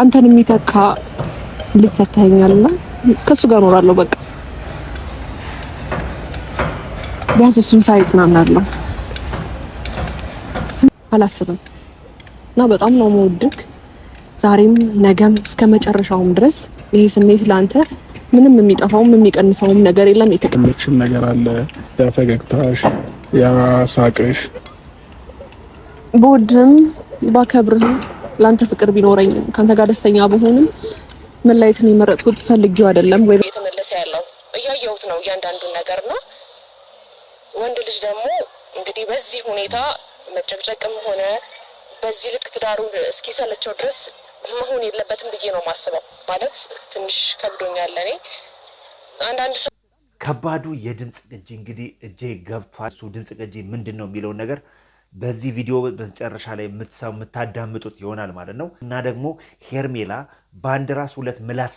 አንተን የሚተካ ልጅ ሰጥተኸኛልና ከሱ ጋር እኖራለሁ። በቃ ቢያንስ እሱን ሳይጽናናለሁ አላስብም። እና በጣም ነው የምወድህ ዛሬም ነገም እስከ መጨረሻውም ድረስ ይሄ ስሜት ለአንተ ምንም የሚጠፋውም የሚቀንሰውም ነገር የለም። የተቀመችም ነገር አለ፣ ያ ፈገግታሽ፣ ያ ሳቅሽ። ባከብርህም ለአንተ ፍቅር ቢኖረኝም ከአንተ ጋር ደስተኛ ብሆንም መለየትን የመረጥኩት ፈልጌው አይደለም ወይ እየተመለሰ ያለው እያየሁት ነው እያንዳንዱን ነገር ነው። ወንድ ልጅ ደግሞ እንግዲህ በዚህ ሁኔታ መጨቅጨቅም ሆነ በዚህ ልክ ትዳሩ እስኪሰለቸው ድረስ መሆን የለበትም ብዬ ነው ማስበው። ማለት ትንሽ ከብዶኛል እኔ አንዳንድ ሰው ከባዱ የድምፅ ቅጂ እንግዲህ እጄ ገብቷል። እሱ ድምፅ ቅጂ ምንድን ነው የሚለውን ነገር በዚህ ቪዲዮ መጨረሻ ላይ የምታዳምጡት ይሆናል ማለት ነው። እና ደግሞ ሄርሜላ በአንድ ራስ ሁለት ምላስ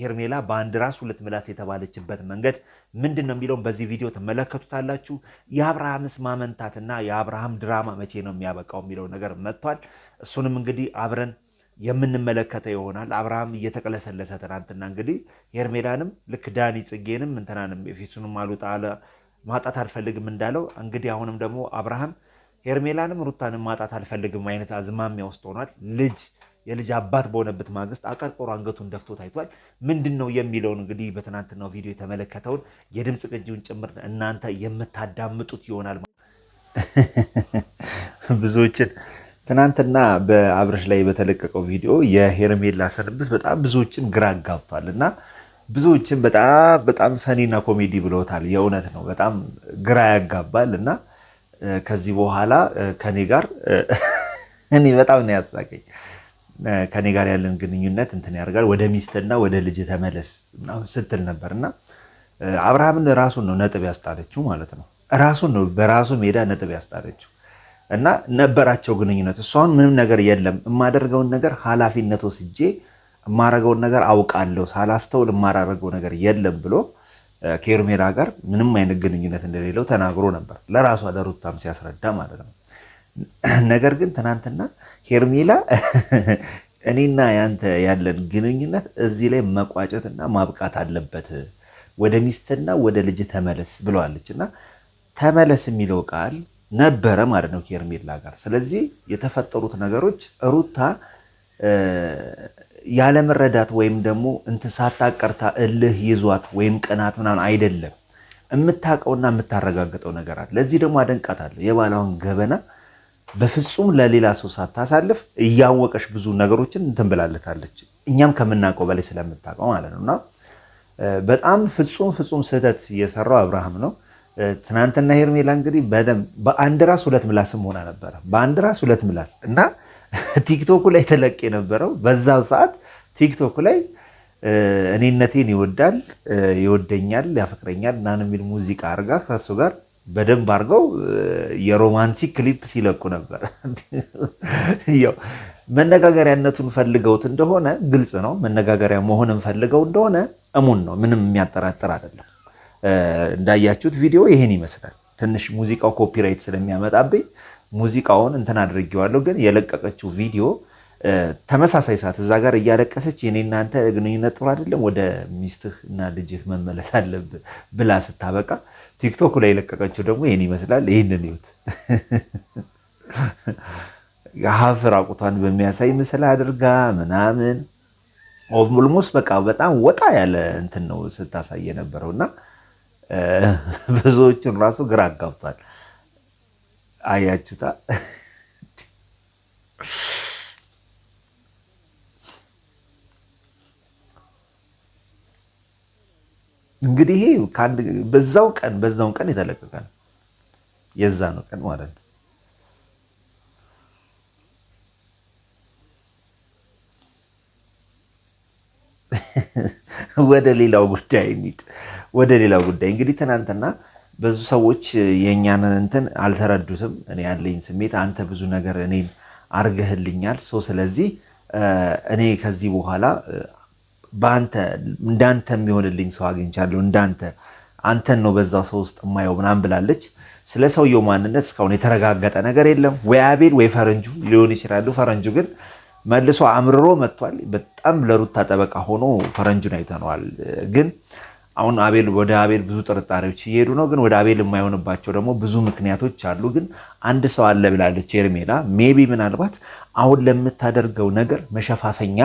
ሄርሜላ በአንድ ራስ ሁለት ምላስ የተባለችበት መንገድ ምንድን ነው የሚለውን በዚህ ቪዲዮ ትመለከቱታላችሁ። የአብርሃምስ ማመንታትና የአብርሃም ድራማ መቼ ነው የሚያበቃው የሚለው ነገር መጥቷል። እሱንም እንግዲህ አብረን የምንመለከተው ይሆናል። አብርሃም እየተቀለሰለሰ ትናንትና እንግዲህ ሄርሜላንም ልክ ዳኒ ጽጌንም እንትናንም የፊቱንም አሉጣ ማጣት አልፈልግም እንዳለው እንግዲህ አሁንም ደግሞ አብርሃም ሄርሜላንም ሩታንም ማጣት አልፈልግም አይነት አዝማሚያ ውስጥ ሆኗል። ልጅ የልጅ አባት በሆነበት ማግስት አቀርቆሮ አንገቱን ደፍቶ ታይቷል። ምንድን ነው የሚለውን እንግዲህ በትናንትናው ቪዲዮ የተመለከተውን የድምፅ ቅጂውን ጭምር እናንተ የምታዳምጡት ይሆናል። ብዙዎችን ትናንትና በአብረሽ ላይ በተለቀቀው ቪዲዮ የሄርሜላ ስንብት በጣም ብዙዎችን ግራ ጋብቷል እና ብዙዎችን በጣም በጣም ፈኒና ኮሜዲ ብለውታል። የእውነት ነው በጣም ግራ ያጋባል እና ከዚህ በኋላ ከኔ ጋር እኔ በጣም ነው ያሳቀኝ። ከኔ ጋር ያለን ግንኙነት እንትን ያደርጋል ወደ ሚስትና ወደ ልጅ ተመለስ ስትል ነበር እና አብርሃምን ራሱን ነው ነጥብ ያስጣለችው ማለት ነው። ራሱን ነው በራሱ ሜዳ ነጥብ ያስጣለችው እና ነበራቸው ግንኙነት። እሷን ምንም ነገር የለም የማደርገውን ነገር ኃላፊነት ወስጄ የማረገውን ነገር አውቃለሁ ሳላስተውል የማራረገው ነገር የለም ብሎ ከኤርሜላ ጋር ምንም አይነት ግንኙነት እንደሌለው ተናግሮ ነበር፣ ለራሷ ለሩታም ሲያስረዳ ማለት ነው። ነገር ግን ትናንትና ሄርሜላ እኔና ያንተ ያለን ግንኙነት እዚህ ላይ መቋጨትና ማብቃት አለበት፣ ወደ ሚስትና ወደ ልጅ ተመለስ ብለዋለች እና ተመለስ የሚለው ቃል ነበረ ማለት ነው ከሄርሜላ ጋር። ስለዚህ የተፈጠሩት ነገሮች ሩታ ያለመረዳት ወይም ደግሞ እንትን ሳታቀርታ እልህ ይዟት ወይም ቅናት ምናምን አይደለም። የምታውቀውና የምታረጋግጠው ነገር አለ። ለዚህ ደግሞ አደንቃታለሁ። የባለዋን ገበና በፍጹም ለሌላ ሰው ሳታሳልፍ እያወቀች ብዙ ነገሮችን እንትን ብላለታለች። እኛም ከምናውቀው በላይ ስለምታውቀው ማለት ነው። እና በጣም ፍጹም ፍጹም ስህተት የሰራው አብርሃም ነው። ትናንትና ሄርሜላ እንግዲህ በደንብ በአንድ ራስ ሁለት ምላስ ሆና ነበረ። በአንድ ራስ ሁለት ምላስ እና ቲክቶኩ ላይ ተለቅ የነበረው በዛው ሰዓት ቲክቶክ ላይ እኔነቴን ይወዳል ይወደኛል ያፈቅረኛል ምናምን የሚል ሙዚቃ አርጋ ከሱ ጋር በደንብ አድርገው የሮማንሲክ ክሊፕ ሲለቁ ነበር። ያው መነጋገሪያነቱን ፈልገውት እንደሆነ ግልጽ ነው። መነጋገሪያ መሆንም ፈልገው እንደሆነ እሙን ነው። ምንም የሚያጠራጥር አይደለም። እንዳያችሁት ቪዲዮ ይሄን ይመስላል። ትንሽ ሙዚቃው ኮፒራይት ስለሚያመጣብኝ ሙዚቃውን እንትን አድርጌዋለሁ። ግን የለቀቀችው ቪዲዮ ተመሳሳይ ሰዓት እዛ ጋር እያለቀሰች የኔ እናንተ ግንኙነት ጥሩ አይደለም፣ ወደ ሚስትህ እና ልጅህ መመለስ አለብህ ብላ ስታበቃ ቲክቶክ ላይ የለቀቀችው ደግሞ ይህን ይመስላል። ይህንን ይዩት። ሀፍ ራቁቷን በሚያሳይ ምስል አድርጋ ምናምን ኦልሞስት በቃ በጣም ወጣ ያለ እንትን ነው ስታሳይ የነበረው እና ብዙዎችን ራሱ ግራ አጋብቷል። አያችታ እንግዲህ ይሄ በዛው ቀን በዛው ቀን የተለቀቀ ነው። የዛ ነው ቀን ማለት ነው። ወደ ሌላው ጉዳይ እንሂድ። ወደ ሌላው ጉዳይ እንግዲህ ትናንትና ብዙ ሰዎች የእኛን እንትን አልተረዱትም። እኔ ያለኝ ስሜት አንተ ብዙ ነገር እኔን አርገህልኛል ሰው ስለዚህ እኔ ከዚህ በኋላ በአንተ እንዳንተ የሚሆንልኝ ሰው አግኝቻለሁ እንዳንተ አንተን ነው በዛ ሰው ውስጥ የማየው ምናምን ብላለች። ስለ ሰውየው ማንነት እስካሁን የተረጋገጠ ነገር የለም። ወይ አቤል ወይ ፈረንጁ ሊሆን ይችላሉ። ፈረንጁ ግን መልሶ አምርሮ መጥቷል። በጣም ለሩታ ጠበቃ ሆኖ ፈረንጁን አይተነዋል ግን አሁን አቤል ወደ አቤል ብዙ ጥርጣሬዎች እየሄዱ ነው፣ ግን ወደ አቤል የማይሆንባቸው ደግሞ ብዙ ምክንያቶች አሉ። ግን አንድ ሰው አለ ብላለች ኤርሜላ። ሜቢ ምናልባት አሁን ለምታደርገው ነገር መሸፋፈኛ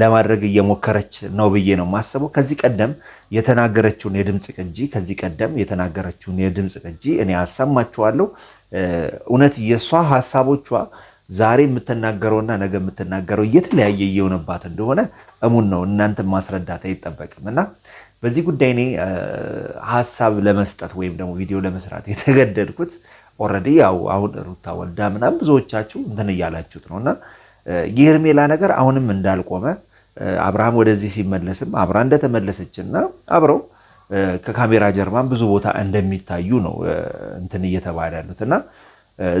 ለማድረግ እየሞከረች ነው ብዬ ነው የማስበው። ከዚህ ቀደም የተናገረችውን የድምፅ ቅጂ ከዚህ ቀደም የተናገረችውን የድምፅ ቅጂ እኔ አሰማችኋለሁ። እውነት የእሷ ሀሳቦቿ ዛሬ የምትናገረውና ነገ የምትናገረው እየተለያየ እየሆነባት እንደሆነ እሙን ነው። እናንተን ማስረዳት አይጠበቅም እና በዚህ ጉዳይ እኔ ሀሳብ ለመስጠት ወይም ደግሞ ቪዲዮ ለመስራት የተገደድኩት ኦልሬዲ ያው አሁን ሩታ ወልዳ ምናምን ብዙዎቻችሁ እንትን እያላችሁት ነው እና የሄርሜላ ነገር አሁንም እንዳልቆመ አብርሃም ወደዚህ ሲመለስም አብራ እንደተመለሰች እና አብረው ከካሜራ ጀርባን ብዙ ቦታ እንደሚታዩ ነው እንትን እየተባለ ያሉት እና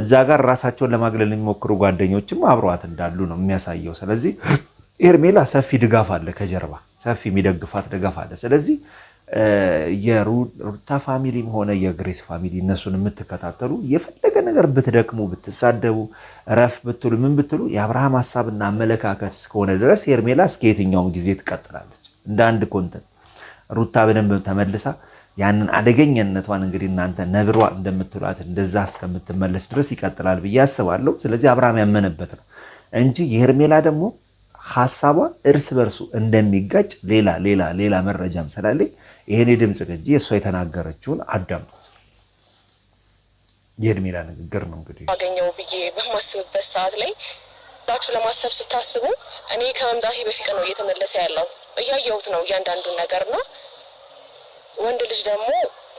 እዛ ጋር ራሳቸውን ለማግለል የሚሞክሩ ጓደኞችም አብረዋት እንዳሉ ነው የሚያሳየው። ስለዚህ ሄርሜላ ሰፊ ድጋፍ አለ ከጀርባ ሰፊ የሚደግፋት ደገፍ አለ። ስለዚህ የሩታ ፋሚሊም ሆነ የግሬስ ፋሚሊ እነሱን የምትከታተሉ የፈለገ ነገር ብትደክሙ፣ ብትሳደቡ፣ ረፍ ብትሉ፣ ምን ብትሉ የአብርሃም ሀሳብና አመለካከት እስከሆነ ድረስ ሄርሜላ እስከ የትኛውም ጊዜ ትቀጥላለች እንደ አንድ ኮንተንት ሩታ በደንብ ተመልሳ ያንን አደገኛነቷን እንግዲህ እናንተ ነብሯ እንደምትሏት እንደዛ እስከምትመለስ ድረስ ይቀጥላል ብዬ አስባለሁ። ስለዚህ አብርሃም ያመነበት ነው እንጂ የሄርሜላ ደግሞ ሀሳቧ እርስ በርሱ እንደሚጋጭ ሌላ ሌላ ሌላ መረጃም ስላለኝ ይህን የድምፅ ቅጂ እሷ የተናገረችውን አዳምጡት። የእድሜላ ንግግር ነው እንግዲህ አገኘው ብዬ በማስብበት ሰዓት ላይ ላችሁ ለማሰብ ስታስቡ እኔ ከመምጣቴ በፊት ነው እየተመለሰ ያለው እያየሁት ነው እያንዳንዱን ነገር ነው። ወንድ ልጅ ደግሞ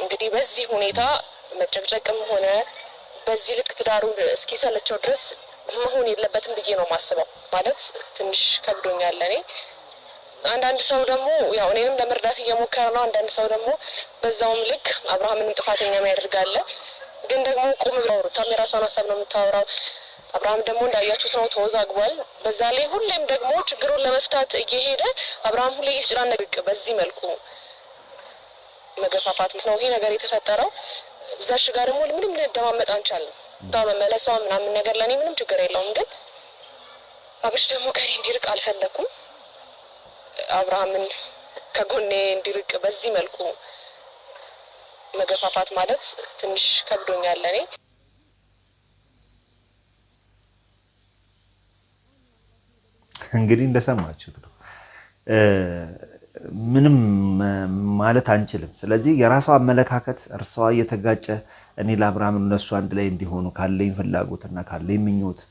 እንግዲህ በዚህ ሁኔታ መጨቅጨቅም ሆነ በዚህ ልክ ትዳሩ እስኪሰለቸው ድረስ መሆን የለበትም ብዬ ነው የማስበው። ማለት ትንሽ ከብዶኛል እኔ አንዳንድ ሰው ደግሞ ያው እኔንም ለመርዳት እየሞከረ ነው። አንዳንድ ሰው ደግሞ በዛውም ልክ አብርሃምንም ጥፋተኛ ያደርጋል። ግን ደግሞ ቁም ብለው ሩታም የራሷን ሀሳብ ነው የምታወራው። አብርሃም ደግሞ እንዳያችሁት ነው ተወዛግቧል። በዛ ላይ ሁሌም ደግሞ ችግሩን ለመፍታት እየሄደ አብርሃም ሁሌ እየተጨናነቀ በዚህ መልኩ መገፋፋት ነው ይሄ ነገር የተፈጠረው። እዛሽ ጋር ደግሞ ምንም ልንደማመጥ አንቻለም። እሷ መመለሷ ምናምን ነገር ለእኔ ምንም ችግር የለውም። ግን አብርሽ ደግሞ ከኔ እንዲርቅ አልፈለኩም። አብርሃምን ከጎኔ እንዲርቅ በዚህ መልኩ መገፋፋት ማለት ትንሽ ከብዶኛል ለእኔ። እንግዲህ እንደሰማችሁት ነው። ምንም ማለት አንችልም። ስለዚህ የራሷ አመለካከት እርሷ እየተጋጨ እኔ ለአብርሃም እነሱ አንድ ላይ እንዲሆኑ ካለኝ ፍላጎትና ካለኝ ምኞት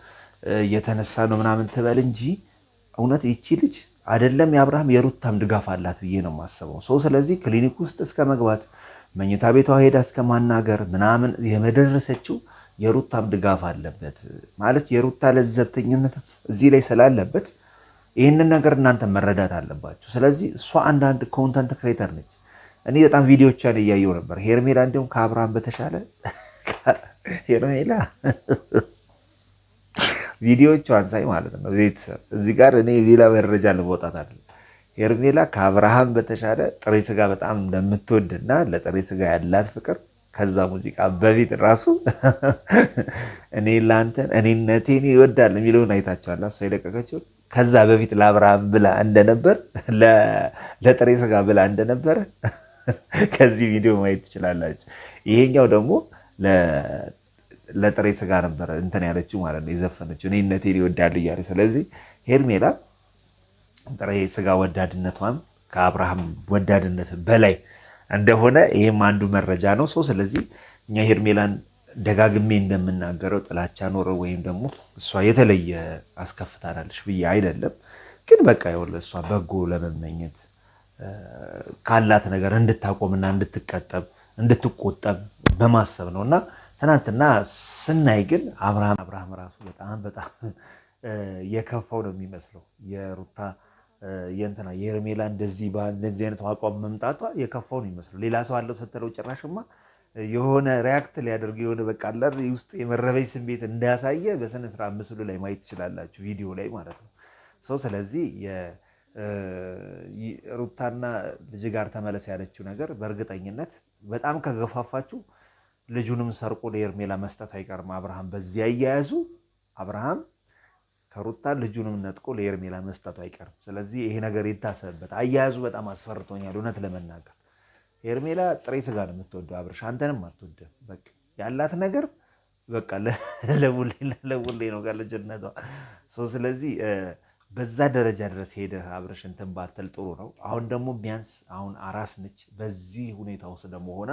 የተነሳ ነው ምናምን ትበል እንጂ እውነት ይቺ ልጅ አይደለም የአብርሃም የሩታም ድጋፍ አላት ብዬ ነው የማስበው። ሰው ስለዚህ ክሊኒክ ውስጥ እስከ መግባት መኝታ ቤቷ ሄዳ እስከ ማናገር ምናምን የመደረሰችው የሩታም ድጋፍ አለበት ማለት የሩታ ለዘብተኝነት እዚህ ላይ ስላለበት ይህንን ነገር እናንተ መረዳት አለባችሁ። ስለዚህ እሷ አንዳንድ ኮንተንት ክሬተር ነች እኔ በጣም ቪዲዮቿን እያየው ነበር። ሄርሜላ እንዲሁም ከአብርሃም በተሻለ ሄርሜላ ቪዲዮቿን ሳይ ማለት ነው ቤተሰብ እዚህ ጋር እኔ ሌላ መረጃ ለመውጣት አለ ሄርሜላ ከአብርሃም በተሻለ ጥሬ ስጋ በጣም እንደምትወድና ለጥሬ ስጋ ያላት ፍቅር ከዛ ሙዚቃ በፊት ራሱ እኔ ለአንተን እኔነቴን ይወዳል የሚለውን አይታቸዋል። እሷ የለቀቀችው ከዛ በፊት ለአብርሃም ብላ እንደነበር ለጥሬ ስጋ ብላ እንደነበረ ከዚህ ቪዲዮ ማየት ትችላላችሁ። ይሄኛው ደግሞ ለጥሬ ስጋ ነበረ እንትን ያለችው ማለት ነው የዘፈነችው እኔነቴን ይወዳል እያለ። ስለዚህ ሄርሜላ ጥሬ ስጋ ወዳድነቷን ከአብርሃም ወዳድነት በላይ እንደሆነ ይህም አንዱ መረጃ ነው ሰው። ስለዚህ እኛ ሄርሜላን ደጋግሜ እንደምናገረው ጥላቻ ኖረ ወይም ደግሞ እሷ የተለየ አስከፍታናለች ብዬ አይደለም፣ ግን በቃ የወለ እሷ በጎ ለመመኘት ካላት ነገር እንድታቆምና እንድትቀጠብ እንድትቆጠብ በማሰብ ነው። እና ትናንትና ስናይ ግን አብርሃም አብርሃም ራሱ በጣም በጣም የከፋው ነው የሚመስለው የሩታ የእንትና የሄርሜላ እንደዚህ እንደዚህ አይነት አቋም መምጣቷ የከፋው ነው የሚመስለው። ሌላ ሰው አለው ስትለው ጭራሽማ የሆነ ሪያክት ሊያደርግ የሆነ በቃ ውስጥ የመረበኝ ስሜት እንዳያሳየ በስነስርዓት ምስሉ ላይ ማየት ትችላላችሁ፣ ቪዲዮ ላይ ማለት ነው ሰው ስለዚህ ሩታና ልጅ ጋር ተመለስ ያለችው ነገር በእርግጠኝነት በጣም ከገፋፋችሁ ልጁንም ሰርቆ ለኤርሜላ መስጠት አይቀርም። አብርሃም በዚህ አያያዙ አብርሃም ከሩታ ልጁንም ነጥቆ ለኤርሜላ መስጠቱ አይቀርም። ስለዚህ ይሄ ነገር ይታሰብበት። አያያዙ በጣም አስፈርቶኛል። እውነት ለመናገር ኤርሜላ ጥሬ ስጋ ነው የምትወደው፣ አብርሽ አንተንም አትወድም። በቃ ያላት ነገር በቃ ለቡሌ ነው ከልጅነቷ። ስለዚህ በዛ ደረጃ ድረስ ሄደህ አብረሽ እንትን ባትል ጥሩ ነው። አሁን ደግሞ ቢያንስ አሁን አራስ ነች። በዚህ ሁኔታ ውስጥ ደግሞ ሆና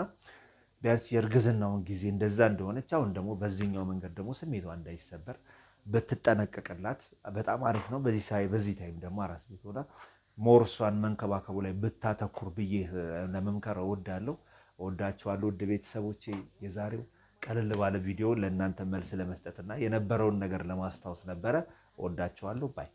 ቢያንስ የእርግዝናውን ጊዜ እንደዛ እንደሆነች አሁን ደግሞ በዚህኛው መንገድ ደግሞ ስሜቷ እንዳይሰበር ብትጠነቀቅላት በጣም አሪፍ ነው። በዚህ በዚህ ታይም ደግሞ አራስ ቤት ሆና ሞር እሷን መንከባከቡ ላይ ብታተኩር ብዬ ለመምከር እወዳለሁ። እወዳችኋለሁ ውድ ቤተሰቦቼ የዛሬው ቀለል ባለ ቪዲዮ ለእናንተ መልስ ለመስጠትና የነበረውን ነገር ለማስታወስ ነበረ። እወዳችኋለሁ ባይ